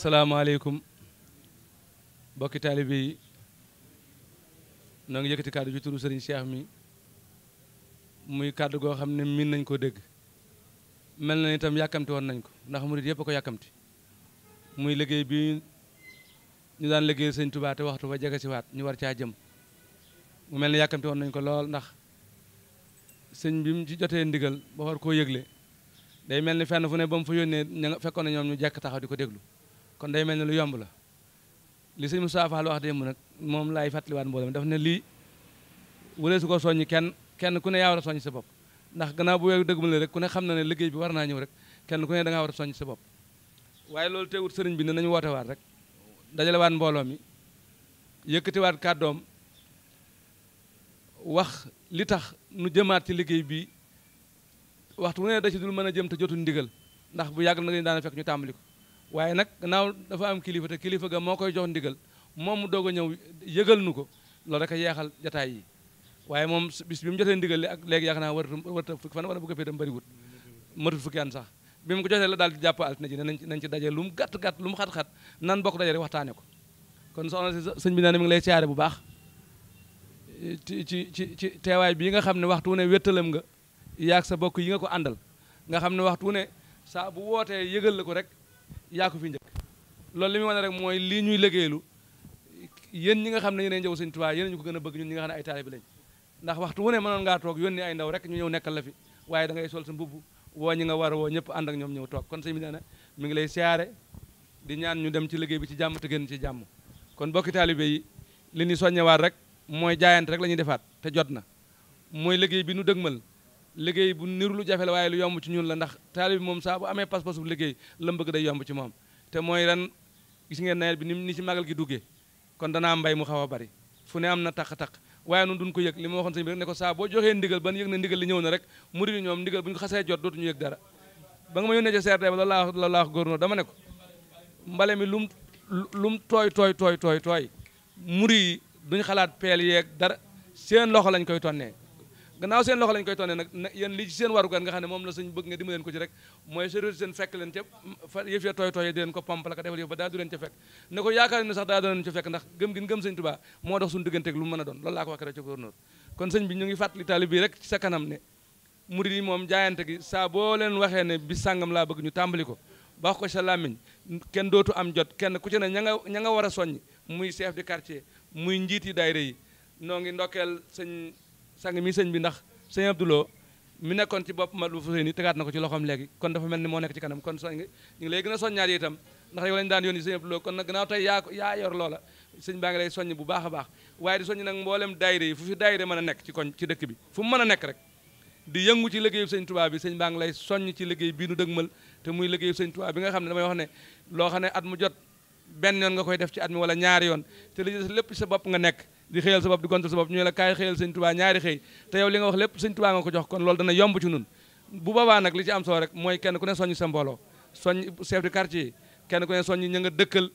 asalaamaaleykum bokki taalibe yi noo yëkkati kàddu ju turu sëriñ Cheikh mi muy kàddu goo xam ne miin nañ koo dégg mel na itam yàkkamti woon nañ ko ndax mu murit yëpp ko yàkkamti muy liggéey bi ñu daan liggéey sëñ Tuubaa te waxtu ba jege si waat ñu war caa jëm mu mel ni yàkkamti woon nañ ko lool ndax sëñ bi mu ci jotee ndigal ba war koo yëgle day mel ni fenn fu ne ba mu fa yónnee fekkoon na ñoom ñu jekk taxaw di ko déglu kon day mel ne lu yomb la li sëñ Moussa Fall wax démb nag moom laay fàttaliwaat mboolem daf ne lii wala su ko soññi kenn kenn ku ne yaa war a soññ sa bopp ndax gannaaw bu weeru dëgguma la rek ku ne xam na ne liggéey bi war naa ñëw rek kenn ku ne da war a soññ sa bopp waaye loolu teewut sëriñ bi ne nañu woote waat rek dajale waat mbooloo mi yëkkatiwaat kàddoom wax li tax nu jëmaat ci liggéey bi waxtu wu ne da ci dul mën a jëm te jotuñ ndigal ndax bu yàgg na dañu daan ñu tàmbali ko waaye nag naaw dafa am kilifa te kilifa ga moo koy jox ndigal moom mu doog a ñëw yëgal nu ko loolu rek a yeexal jataay yi waaye moom bis bi mu jotee ndigal li ak léegi yaakaar naa waratu waratu fukki fan wala bu ko fee dem bëriwut matul fukki an sax bi mu ko jotee la daal di jàpp altine ji ne nañ ci daje lu mu gàtt gàtt lu mu xat-xat nan bokk daje rek waxtaane ko kon soxna si bi naa ne mi ngi lay siyaare bu baax ci ci teewaay bii nga xam ne waxtu wu ne wéttalam nga yaag sa bokk yi nga ko àndal nga xam ne waxtu wu ne saa bu wootee yëgal la ko rek yaa ko fi njëkk loolu li muy wane rek mooy lii ñuy liggéeylu yéen ñi nga xam ne yéenay njëw sëñ Tuubaa yéen ñu ko gën a bëgg ñun ñi nga xam ne ay taalibe lañ ndax waxtu wu ne mënoon ngaa toog yónni ay ndaw rek ñu ñëw nekkal la fi waaye dangay ngay sol sa mbubb woo ñi nga war a woo ñëpp ànd ak ñoom ñëw toog kon sëñ bi nee na mi ngi lay siyaare di ñaan ñu dem ci liggéey bi ci jàmm te gën ci jàmm kon bokki taalibe yi li ñu soññewaat rek mooy jaayante rek la ñuy defaat te jot na mooy liggéey bi nu dëgmal liggéey bu niru lu jafe la waaye lu yomb ci ñun la ndax taalibe bi moom saa bu amee pas-pas bu liggéey la mu bëgg day yomb ci moom te mooy ren gis ngeen nawet bi ni nii ci magal gi duggee kon danaa mbay mu xaw a bari fu ne am na taq-taq waaye nun duñ ko yëg li ma waxoon sëñ bi rek ne ko saa boo joxee ndigal ban yëg ne ndigal li ñëw na rek murid ñoom ndigal bu ñu ko xasee jot dootuñu yëg dara ba nga ma yónnee ca CRD ba loolu la laa wax góornóor dama ne ko mbale mi lum tooy tooy tooy tooy tooy muri yi xalaat peel yeeg dara seen loxo lañ koy tonnee gannaaw seen loxo lañ koy tonne nag yéen li ci seen warugar nga xam ne moom la suñ bëgg nga dimbali leen ko ci rek mooy sori seen fekk leen ca fa ya tooy tooy di leen ko pomp la ko defal yëf ba du leen ca fekk ne ko yaakaar ne sax daa doon leen ndax gëm gin gëm sëñ Tuubaa moo dox suñu digganteeg lu mën a doon loolu laa ko moom jaayante gi saa boo waxee ne bi sàngam laa bëgg ñu tàmbali ko wax ko sa làmmiñ kenn dootu am jot kenn ku ci ne ña nga ña nga war a soññ muy chef de quartier muy njiit yi daayira yi noo ngi ndokkeel sëñ sang mi sëñ bi ndax sëñ Abdoulou mi nekkoon ci bopp Matlaboul Fawzayni tegaat na ko ci loxoom léegi kon dafa mel ni moo nekk ci kanam kon soñ ñu ngi lay gën a soññaat yi itam ndax yow lañu daan yónni sëñ Abdoulou kon nag gannaaw tey yaa baax a baax waaye di nag mboolem daayira yi fu fi daayira mën a nekk ci koñ ci dëkk bi fu mu mën nekk rek di ci liggéeyu sëñ Tuubaa bi sëñ baa ngi lay soññ ci liggéey bii nu dëgmal te muy liggéeyu sëñ Tuubaa bi nga xam ne damay wax ne loo xam ne at mu jot benn yoon nga koy def ci at mi wala ñaari yoon te li lépp sa bopp nga nekk di xëyal sa bopp di gontal sa bopp ñu ne la kaay xëyal sëñ tubaa ñaari xëy te yow li nga wax lépp sëñ tubaa nga ko jox kon loolu dana yomb ci nun bu boobaa nag li ci am solo rek mooy kenn ku ne soññ sa mbooloo soññ chef de quartier kenn ku ne soññ ña nga dëkkal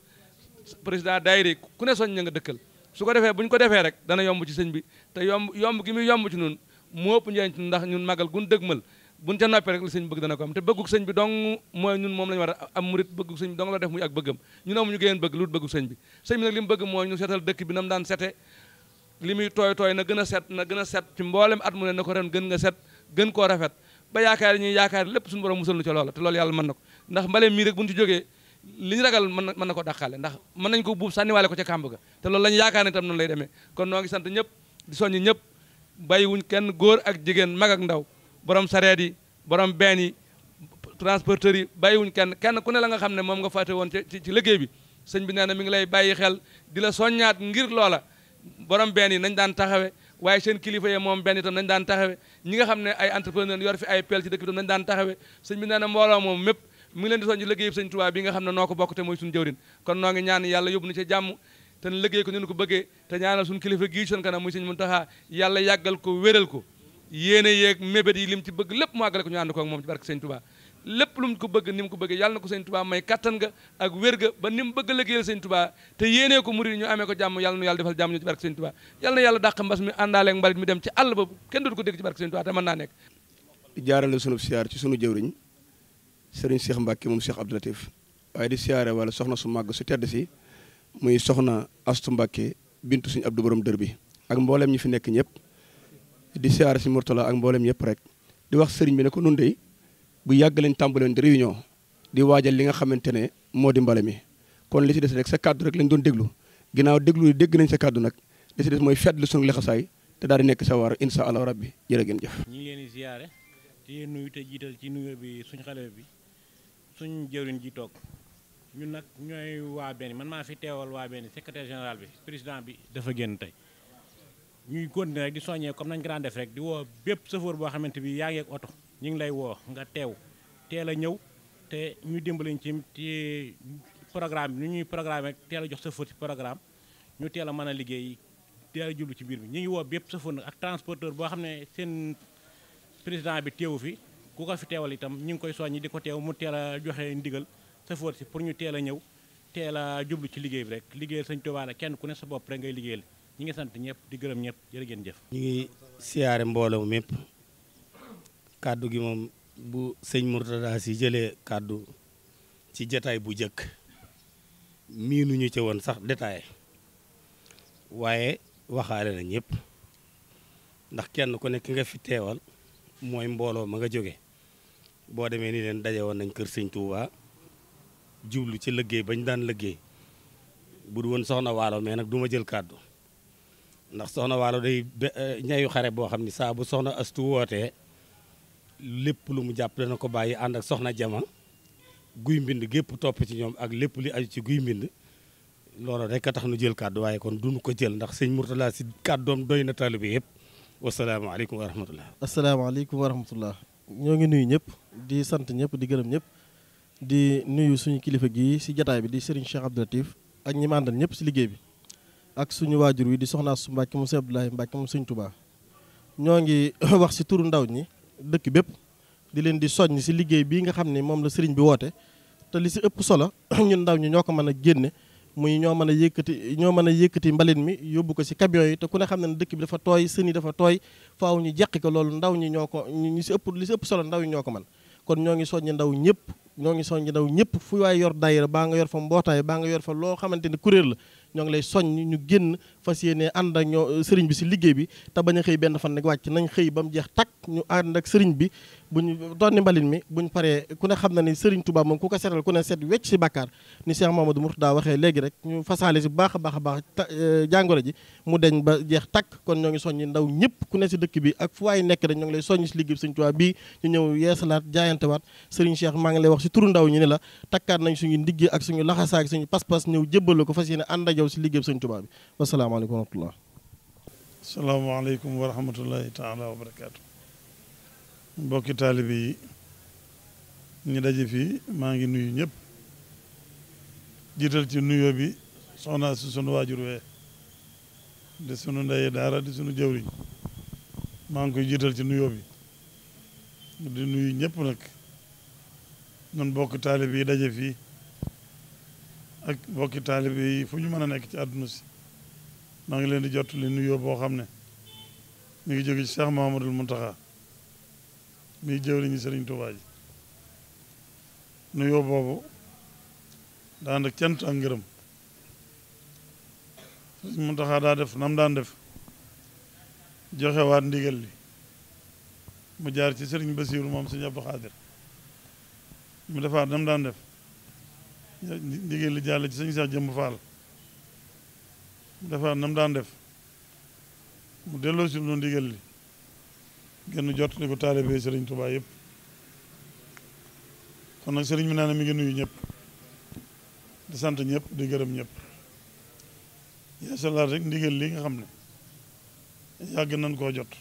président daayira ku ne soññ ña nga dëkkal su ko defee bu ko defee rek dana yomb ci sëñ bi te yomb yomb gi muy yomb ci nun moo ëpp njëriñ ci ndax ñun magal gun dëgmal buñ ca noppee rek la sëñ bëgg dana ko am te bëggug sëñ bi dong mooy ñun moom la war a am murit bëggug sëñ bi dong la def muy ak bëggam ñun amuñu géneen bëgg sëñ bi nag li mu bëgg mooy ñu seetal dëkk bi na mu daan sete li muy tooy tooy na gën a set na gën a set ci at mu ne na ko ren gën nga set gën koo rafet ba yaakaar ñuy yaakaar lépp suñ borom musal nu ci loola te loolu yàlla mën na ko ndax mbale mii rek buñ ci jógee li ñu ragal mën na mën na ko dàqaale ndax mën nañ ko buub sànniwaale ko ca kàmb ga te loolu la ñu yaakaar ne tam noonu lay demee kon noo ngi sant ñëpp di soññ ñëpp kenn góor ak jigéen mag ak ndaw borom sareet yi borom benn yi transporteurs yi bàyyiwuñ kenn kenn ku ne la nga xam ne moom nga fàtte woon ci ci liggéey bi sëñ bi nee na mi ngi lay bàyyi xel di la soññaat ngir loola borom benn yi nañ daan taxawe waaye seen kilifa yi moom benn itam nañ daan taxawe ñi nga xam ne ay entrepreneur yor fi ay pel ci dëkk bi itam nañ daan taxawe sëñ bi nee mbooloo moom mépp mi ngi leen di soññ liggéey bi sëñ Tuubaa bi nga xam ne noo ko bokk te mooy suñu jëwrin kon noo ngi ñaan yàlla yóbbu na ci jàmm te liggéey ko ñu ko kilifa gii seen kanam muy sëñ Muntaxa yàlla yàggal ko wéral ko yéene yeeg mébét yi lim ci bëgg lépp mu àggale ko ñu ànd ko ak moom ci barke sëñ Touba lépp lu ko bëgg ni ko bëggee yàlla na ko sëñ Touba may kattan nga ak wér ga ba ni mu bëgg liggéeyal sëñ Touba te yéenee ko murid ñu amee ko jàmm yàlla nu yàlla defal jàmm ñu ci barke sëñ Touba yàlla na yàlla dàq mbas mi àndaaleeg mbalit mi dem ci àll ba kenn dootu ko dégg ci barke sëñ Touba te mën naa nekk di jaarale sunu siyaar ci sunu jëwriñ sëriñ Cheikh Mbacke moom Cheikh Abdou Latif di siyaare wala soxna su màgg su tedd si muy soxna Astu Mbacke bintu suñu Abdou borom dër bi ak mbooleem ñi fi nekk ñëpp di siyaar si la ak mboolem yëpp rek di wax sëriñ bi ne ko nun de bu yàgg lañ tàmbaleen di réunion di waajal li nga xamante ne moo di mbale mi kon li si des rek sa kàddu rek lañ doon déglu ginnaaw déglu dégg nañ sa kàddu nag li si des mooy fetlu suñu lexasaay te daa di nekk sa waar incha allah rabbi jërë ngeen jëf. ñu ngi leen di ziare di leen jiital ci nuyu bi suñu xale bi suñu jëwriñ ji toog ñun nag ñooy waa benn man maa fi teewal waa benn secrétaire général bi président bi dafa génn tey. ñuy continuer rek di soññee comme nañ ko daan def rek di woo bépp chauffeur boo xamante bi yaa ngeeg oto ñu ngi lay woo nga teew teel a ñëw te ñu dimbaliñ ci ci programme bi ñu ñuy programme rek teel a jox chauffeur ci programme ñu teel a mën a liggéey teel a jublu ci biir bi ñu ngi woo bépp chauffeur nag ak transporteur boo xam ne seen président bi teewu fi ku ko fi teewal itam ñu ngi koy soññi di ko teew mu teel a joxe ndigal chauffeur si pour ñu teel a ñëw teel a jublu ci liggéey bi rek liggéeyal sañ Tuubaa la kenn ku ne sa bopp rek ngay liggéeyal ñi ngi sant ñëpp di gërëm ñëpp jërë ngeen jëf. ñu ngi siyaare mbooloo mépp kàddu gi moom bu sëñ Mourtada si jëlee kàddu ci jataay bu jëkk miinuñu ci woon sax détail waaye waxaale na ñëpp ndax kenn ku nekk nga fi teewal mooy mbooloo ma nga jóge boo demee ni leen daje woon nañ kër sëñ Touba jublu ci liggéey bañ daan liggéey bu du woon soxna waalo mais nag du ma jël kàddu ndax soxna waalo day eh, ñayu xare boo xam ni saa bu soxna astu wootee lépp lu mu jàpp dana ko bàyyi ànd ak soxna jama guy mbind gépp topp ci ñoom ak lépp li aju ci guy mbind loolu rek a tax nu jël kàddu waaye kon dund ko jël ndax sëñ Mourtala si kàddoom doy na taalibe yëpp wasalaamaaleykum wa rahmatullah asalaamaaleykum wa rahmatullah ñoo ngi nuyu ñëpp di sant ñëpp di gërëm ñëpp di nuyu suñu kilifa gi si jataay bi di Serigne Cheikh Abdou ak ñi ma àndal ñëpp si liggéey bi ak suñu waajur wi di soxna su Mbàkke mu Sëñ Abdoulaye Mbàkke mu Sëñ Tuubaa ñoo ngi wax si turu ndaw ñi dëkk bépp di leen di soññ si liggéey bii nga xam ne moom la sëriñ bi woote te li si ëpp solo ñun ndaw ñi ñoo ko mën a génne muy ñoo mën a yëkkati ñoo mën a yëkkati mbalit mi yóbbu ko ci camion yi te ku ne xam ne dëkk bi dafa tooy sën yi dafa tooy faaw ñu jeqi ko loolu ndaw ñi ñoo ko ñu ci ëpp li ci ëpp solo ndaw ñi ñoo ko mën kon ñoo ngi soññ ndaw ñëpp ñoo ngi soññ ndaw ñëpp fu waay yor daayira baa nga yor fa mbootaay baa nga yor fa loo xamante ne kuréel la ñoo ngi lay soññ ñu génn fas yéene ànd ak ñoo euh, sëriñ bi si liggéey bi te bañ a xëy benn fan nag wàcc nañ xëy ba mu jeex takk ñu ànd ak sëriñ bi buñ doonni mbalin mi buñ paree ku ne xam na ni sëriñ Touba moom ku ko seetal ku ne si bàkkaar ni Cheikh Mamadou Mourtada léegi rek ñu fasaale si baax a baax a baax euh, jàngoro ji mu deñ ba jeex takk kon ñoo ngi soññi ndaw ñëpp ku ne si dëkk bi ak fu waay nekk rek ñoo ngi si liggéey bi sëriñ Touba bii ñu ñëw yeesalaat jaayantewaat sëriñ Cheikh maa ngi lay wax si turu ndaw ñi ne la takkaat nañ suñu ndigg ak suñu laxasaak suñu pas-pas ñëw jébbalu ko fas yéene ànd yow si liggéey sëñ Tuubaa bi wasalaamaaleykum wa rahmatullah salaamaaleykum wa rahmatullahi taala wa barakaatu mbokki taalibe yi ñu daje fi maa ngi nuyu ñëpp jiital ci nuyoo bi soxna si sunu waajur wee di sunu ndey daara di sunu jëwriñ maa ngi koy jiital ci nuyoo bi di nuyu ñëpp nag ñun bokk taalibe yi daje fii ak bokki taalibe yi fu ñu mën a nekk ci àdduna si maa ngi leen di jot li nuyoo boo xam ne mi ngi jóge ci Cheikh Mahamadul Muntaxa mi jëwriñu Sëriñ Tuubaa ji nuyoo boobu daan ànd ak cant ak ngërëm Sëriñ Muntaxa daa def nam daan def joxewaat ndigal li mu jaar ci Sëriñ Basiiru moom Sëriñ Abdu Xaadir mu defaat nam daan def ndigal li jàll ci sëñ Cheikh Jëmb Fall mu defaat na daan def mu delloo si noonu ndigal li gënn jottali ko taalibe sëriñ tubaa yëpp kon nag sëriñ bi nee na mi ngi nuyu ñëpp di sant ñëpp di gërëm ñëpp yeesalaat rek ndigal li nga xam ne yàgg nañ koo jot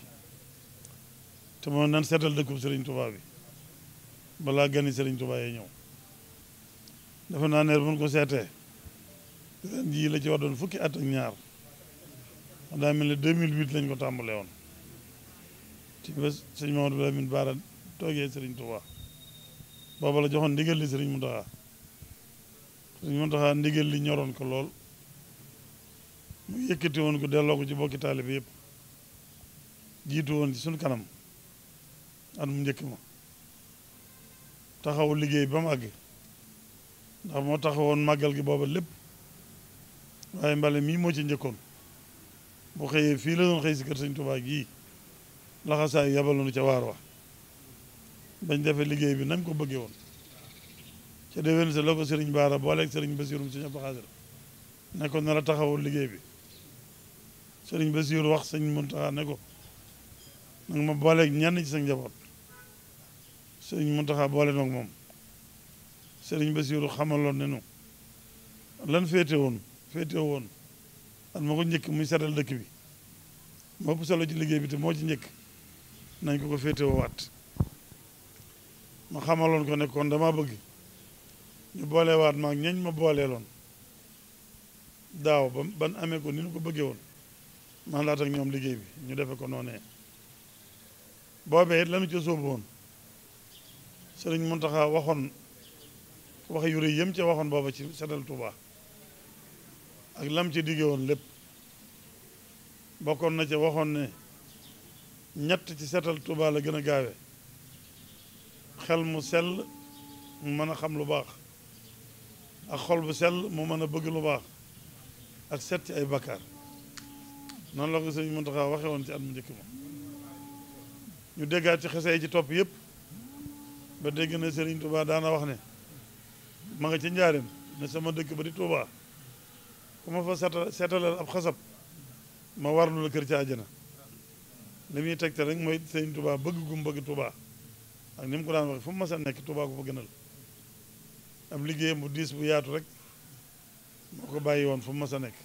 te moom nan seetal dëkkub sëriñ Tuubaa bi balaa gani sëriñ Tuubaa yi ñëw dafa naa ne bu ko seetee ren jii la ci war doon fukki at ak ñaar daa mel mil 2008 lañ ko tàmbalee woon ci ba sëñ Mamadou Lamine Bara toogee Serigne Touba booba la joxoon ndigal li Serigne Mountakha Serigne Mountakha ndigal li ñoroon ko lool mu yëkkati woon ko delloo ko ci bokki taalibe yëpp jiitu woon ci suñu kanam at mu njëkk ma taxaw liggéey ba mu àgg ndax moo tax woon màggal gi booba lépp waaye mbale mii moo ci njëkkoon bu xëyee fii la doon xëy si kër sëñ Tuubaa gii laxasaay yabaloonu ca waar wa bañ defee liggéey bi nañ ko bëggee woon ca déwén sa la ko sëriñ Baara booleeg sëriñ Basiirum sëñ Abdu Xaadir ne ko na la taxawul liggéey bi sëriñ Basiir wax sëñ ne ko nag ma booleeg ñenn ci sa njaboot sëriñ Muntaxa boole noog moom sëriñ Basiiru xamaloon ne nu lan féete woon féete woon at ma ko njëkk muy setal dëkk bi moo ëpp solo ci liggéey bi te moo ci njëkk nañ ko ko féete woowaat ma xamaloon ko ne kon dama bëgg ñu boolewaat maag ñañ ma booleeloon daaw ba ban amee ko ni ñu ko bëggee woon man laat ak ñoom liggéey bi ñu defe ko noonee boobee it lanu ca sóobu woon sëriñ Muntaxa waxoon wax yure rëy yëm ca waxoon booba ci setal Touba ak lam ci digge woon lépp bokkoon na ca waxoon ne ñett ci setal tubaa la gën a gaawe xel mu sel mu mën a xam lu baax ak xol bu sel mu mën a bëgg lu baax ak set ci ay bakkaar noonu la ko sëñ Muntaxa waxe woon ci at mu njëkk ma ñu déggaat ci xese yi ci topp yëpp ba dégg na Sëriñ Touba daana wax ne ma nga ci njaareem ne sama dëkk ba di Touba ku ma fa seetal seetalal ab xasab ma warlu la kër ca àjjana li muy tegte rek mooy sëñ Touba bëgg gum bëgg Touba ak ni mu ko daan waxe fu mu mas a nekk Touba ko fa liggéeyam bu diis bu yaatu rek moo bàyyi woon fu mu a nekk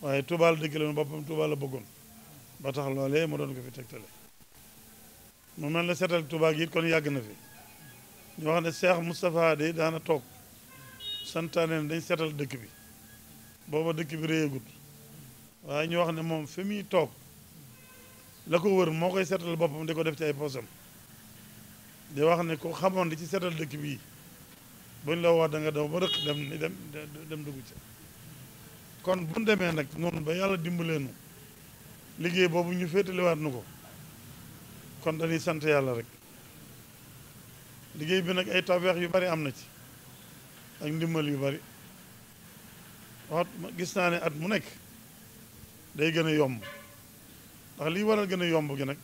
waaye Touba la dëkk la boppam Touba la bëggoon ba tax loolee mu doon ko fi tegtale mu mel ne seetal Touba gi it kon yàgg na fi ñu wax ne Cheikh Moustapha de daana toog sant santaane dañ seetal dëkk bi booba dëkk bi réyagut waaye ñu wax ne moom fi muy toog la ko wër moo koy seetal boppam di ko def ci ay poosam di wax ne ko xamoon di ci seetal dëkk bii bañ la wax da nga daw ba rëq dem ni dem dugg ci kon buñ demee nag noonu ba yàlla leenu liggéey boobu ñu féetaliwaat nu ko kon dañuy sant yàlla rek liggéey bi nag ay tawfeex yu bari am na ci ak ndimbal yu bari wax gis naa ne at mu nekk day gën a yomb ndax liy a gën a yomb gi nag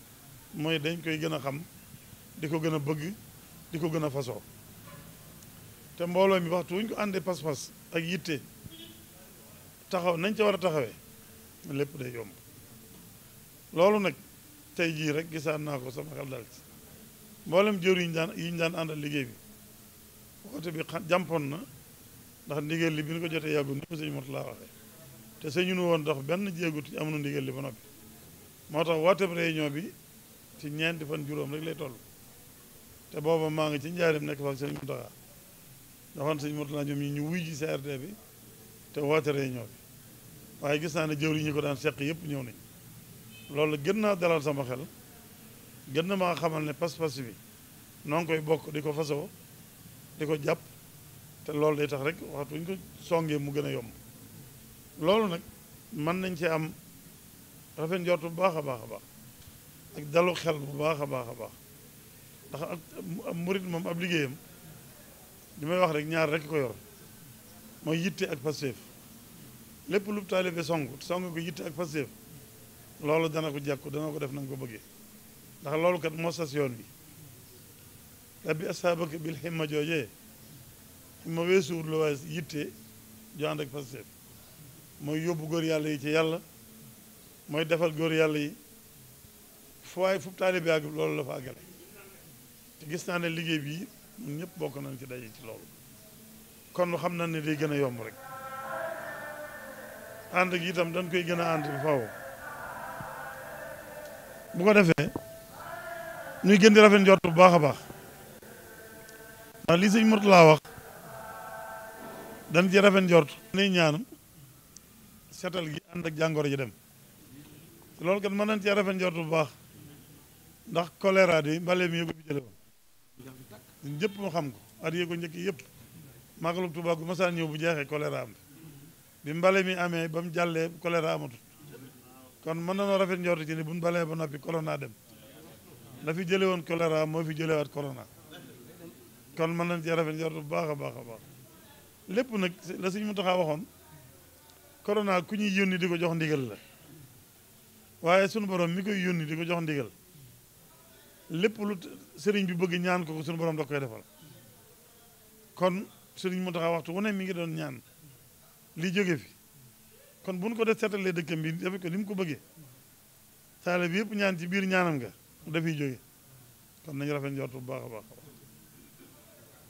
mooy dañ koy gën a xam di ko gën a bëgg di ko gën a fasoo te mbooloo mi waxtu wuñ ko àndee pas-pas ak yitte taxaw nañ ca war a taxawee lépp day yomb loolu nag tey jii rek gis gisaat naa ko sama xel dal ci mboolem jëriñ daan yi ñu daan àndal liggéey bi woote bi jàmpoon na ndax ndigal li bi ñu ko jotee yàggul ni ko sëñ Murtala waxee te sëñunu woon dox benn jéegut ci amuñu ndigal li ba noppi moo tax wooteb réunion bi ci ñeenti fan juróom rek lay toll te booba maa ngi ci njaarim nekk fa ak sëñ Muntaxa daxoon sëñ Murtala ñoom ñi ñu wuy ji CRD bi te woote réunion bi waaye gis naa ne jëwriñ ñi ko daan seq yëpp ñëw nañ loolu gën naa dalal sama xel gën na maa xamal ne pas-pas bi noo ngi bokk di ko fasoo di ko jàpp te loolu day tax rek waxtu ñu ko songee mu gën a yomb loolu nag mën nañ ci am rafet njort bu baax a baax a baax ak dalu xel bu baax a baax a baax ndax ak murit moom ab liggéeyam li may wax rek ñaar rek ko yor mooy yitte ak pastéef lépp lu bi song songu ko yitte ak pastéef loolu dana ko jàkku dana ko def na ko bëggee ndax loolu kat moo sas yoon bi rabbi asaabaka bil himma joojee himma weesuwut la waaye yitte joo ànd ak pasteef mooy yóbbu góor yàlla yi ci yàlla mooy defal góor yàlla yi fu waaye fu taalibe àgg loolu la fa àggale te gis naa ne liggéey bi ñun ñëpp bokk nañ ci daje ci loolu kon xam na ne day gën a yomb rek ànd gi itam dañ koy gën a ànd bi faw bu ko defee ñuy gën di rafet njort bu baax a baax waaw li sëñ Mourtala wax dañ ci rafet njort nay ñaan setal gi ànd ak jàngoro ji dem loolu kat mën nañ ci rafet njort bu baax ndax choléra bi mi jële woon ñun xam ko at yee njëkk yëpp màggalu Tuubaa gu masaan bu jeexee choléra am bi mbale mi amee ba mu jàllee choléra amatul kon mën nañoo rafet njort ci ne buñ balee ba noppi corona dem la fi jële woon choléra moo fi jëlewaat corona kon mën na ci rafet njort bu baax a baax a baax lépp nag la Sëñ Muntaxa waxoon korona ku ñuy yónni di ko jox ndigal la waaye sunu borom mi koy yónni di ko jox ndigal lépp lu sëriñ bi bëgg ñaan ko ko sunu borom da koy defal kon Sëriñ Muntaxa waxtu wu ne mi ngi doon ñaan li jóge fi kon bu ñu ko def seetalee dëkkam bi def ko ni mu ko bëggee taale bi yëpp ñaan ci biir ñaanam nga mu dafiy jóge kon nañu rafet njort baax a baax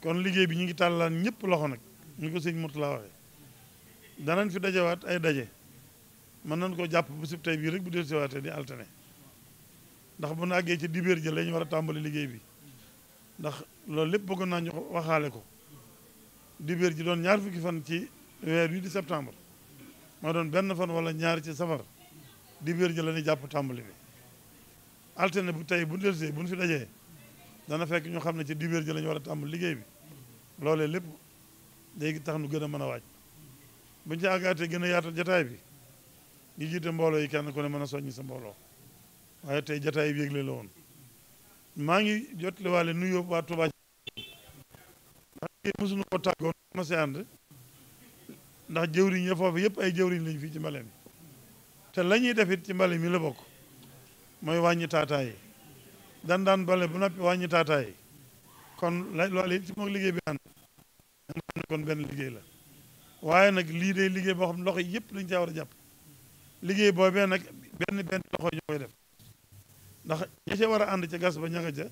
kon liggéey bi ñu ngi tàllaan ñëpp loxo nag ñu ko sëñ Mourtala waxee danañ fi dajawaat ay daje mën nañ ko jàpp bu tey bii rek bu dee siwaatee di altane ndax bu àggee ci dibéer ji la ñu war a tàmbali liggéey bi ndax loolu lépp bëggoon naa ñu waxaale ko dibéer ji doon ñaar fukki fan ci weer wi di septembre moo doon benn fan wala ñaar ci safar dibéer ji la ñu jàpp tàmbali bi altene bu tey bu bu buñ fi dajee dana fekk ñu xam ne ci dibéer ji la ñu war a tàmbali liggéey bi loolee lépp léegi tax nu gën a mën a waaj buñu ci àggaatee gën a yaatal jataay bi ñi mbooloo yi kenn ku ne mën a soññi sa mbooloo waaye tey jataay bi yégle la woon maa ngi jotliwaale nuyoo waa Touba mësuñu ko tàggoon si ànd ndax jëwriñ ya foofu yëpp ay jëwriñ lañ fii ci mbale mi te la ñuy defit ci mbale mi la bokk mooy wàññi taataay yi dan daan bale bu noppi wàññi taataay kon loolu it ci moom liggéey bi ànd kon benn liggéey la waaye nag lii day liggéey boo xam ne loxo yëpp dañu caa war a jàpp liggéey boobee nag benn benn loxo ñoo def ndax ña ca war a ànd ca gas ba ña nga ca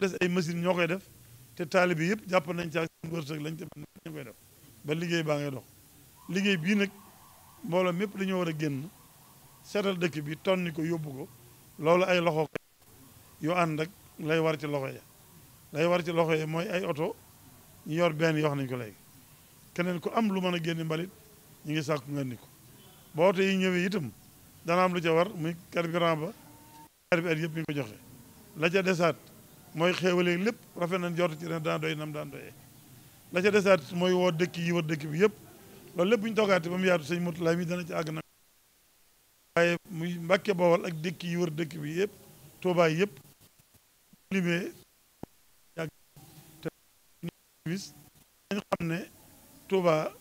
des ay machine ñoo koy def te taalibe yëpp jàpp nañ ca seen wërsëg lañ ca mën ñu koy def ba liggéey baa ngay dox liggéey bii nag mbooloo mépp lañu war a génn seetal dëkk bi ton tonni ko yóbbu ko loolu ay loxo yu ànd ak lay war ci loxo ya lay war ci loxo ya mooy ay oto ñu yor benn yoo xam nañu ko léegi keneen ku am lu mën a génn mbalit ñu ngi sàkku nga ni ko boo oto yi ñëwee itam dana am lu ca war muy carburant ba carburant yëpp ñu ko joxe la ca desaat mooy xéewale lépp rafet nañ jort ci ne daan doy nam daan doyee la ca desaat mooy woo dëkk yi wër dëkk bi yëpp loolu lépp bu ñu toogaate ba mu yaatu sëñ Mutulaay mi dana ci àgg na waaye muy Mbàkke Bawol ak dëkk yi wër dëkk bi yëpp Tuubaa yëpp limee yàgg te gis dañ xam ne Touba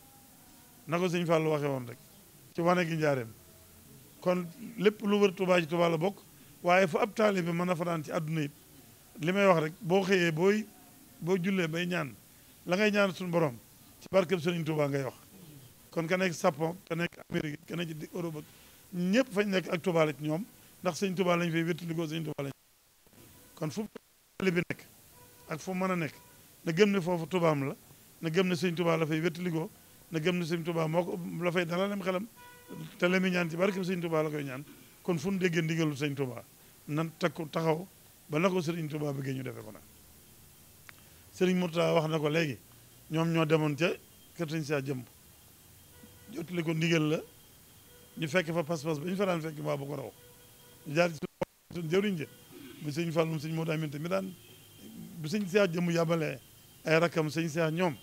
na ko sëñ Fallou waxee woon rek ci wane gi njaareem kon lépp lu wër Touba ci Touba la bokk waaye fu ab taalibe mën a fanaan ci àdduna yi li may wax rek boo xëyee booy boo jullee bay ñaan la ngay ñaan suñu borom ci barkeb Sëriñ Touba ngay wax kon ka nekk Japon ka nekk Amérique ka nekk Europe ñëpp fañ nekk ak Touba la ci ñoom ndax sëñ Touba lañ fay wéttalikoo sëñ Touba lañ kon fu tali nekk mën a nekk na gëm ne foofu tubaam la na gëm ne sëñ tubaa la fay wéttaligoo na gëm ne sëñ tubaa moo ko la fay dalalem xelam te le mi ñaan ci barke sëñ tubaa la koy ñaan kon fu nu déggee ndigalu sëñ tubaa nan takku taxaw ba na ko sëriñ tubaa bëggee ñu defee ko nag sëriñ Murtaa wax na ko léegi ñoom ñoo demoon ca kër sëñ saa jëmb jottali ndigal la ñu fekk fa pas-pas ba ñu fa fekk mbaa bu ko raw ñu jaar ci suñu jëriñ ja mu sëñ Fall moom sëñ moo Aminta mi daan bu sëñ Seex jëmu yabalee ay rakkam sëñ Seex ñoom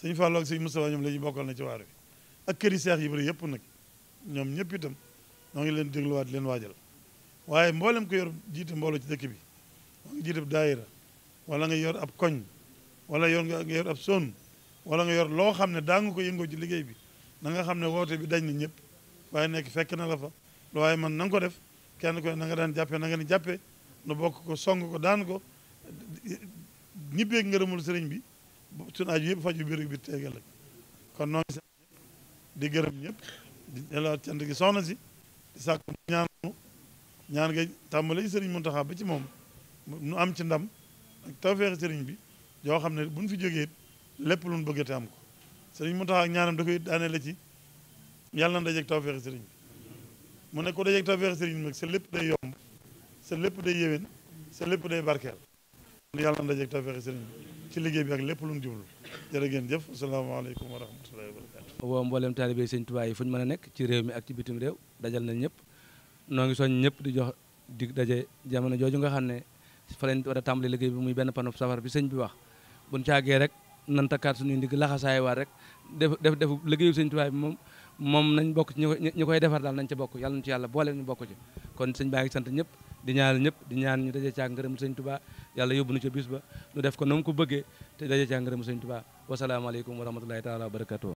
sëñ Fall ak sëñ Moustapha ñoom la ñu bokkal na ci waar ak këri Seex yi bëri yëpp nag ñoom ñëpp itam ñoo ngi leen dégluwaat leen waajal waaye mboolem ko yor jiite mbooloo ci dëkk bi moo ngi jiite daayira wala nga yor ab koñ wala yor nga yor ab son wala nga yor loo xam ne daa nga ko yëngoo ci liggéey bi na nga xam ne woote bi dañ na ñëpp waaye nekk fekk na la fa lu waaye man na ko def kenn ko na daan jàppe na nga ni jàppee nu bokk ko song ko daan ko ñibbeeg ngërëmul sëriñ bi suñu aju yëpp faju biir bi teegal ak kon noo ngi di gërëm ñëpp di delloo cant gi soxna ci sëriñ Muntaxa ba ci moom nu am ci ndam ak tawfeexi sëriñ bi yoo xam ne buñ fi jógee lépp lu ñu bëgg am ko sëriñ Muntaxa ak ñaanam da koy daanee la ci yàlla na dajeeg tawfeexi sëriñ bi mu ne ko dajeeg tawfeex sëriñ bi nag sa lépp day yomb sa lépp day yéwén sa lépp day barkeel yàlla na dajeeg tawfeex sëriñ bi ci liggéey bi ak lépp lu mu jublu jërë ngeen jëf asalaamaaleykum wa rahmatullahi wa barakatu woo mboolem taalibe sëñ Tuubaa yi fu ñu mën a nekk ci réew mi ak ci bitim réew dajal nañ ñëpp noo ngi soñ ñëpp di jox dig daje jamono jooju nga xam ne fa leen war a tàmbali liggéey bi muy benn panof safar bi sëñ bi wax buñ caagee rek nan takkaat suñuy ndig laxasaayi waat rek def def def liggéeyu sëñ Tuubaa bi moom moom nañ bokk ci ñu koy defar daal nañ ci bokk yàlla ñu ci yàlla boole ñu bokk ci kon sëñ baa ngi sant ñëpp di ñaanal ñëpp di ñaan ñu daje ca ngërëm sëñ Tuubaa yàlla yóbbu nu ca bis ba ñu def ko na mu ko bëggee te daje ca ngërëm sëñ Tuubaa wasalaamaaleykum wa rahmatulahi taala wa barakatuh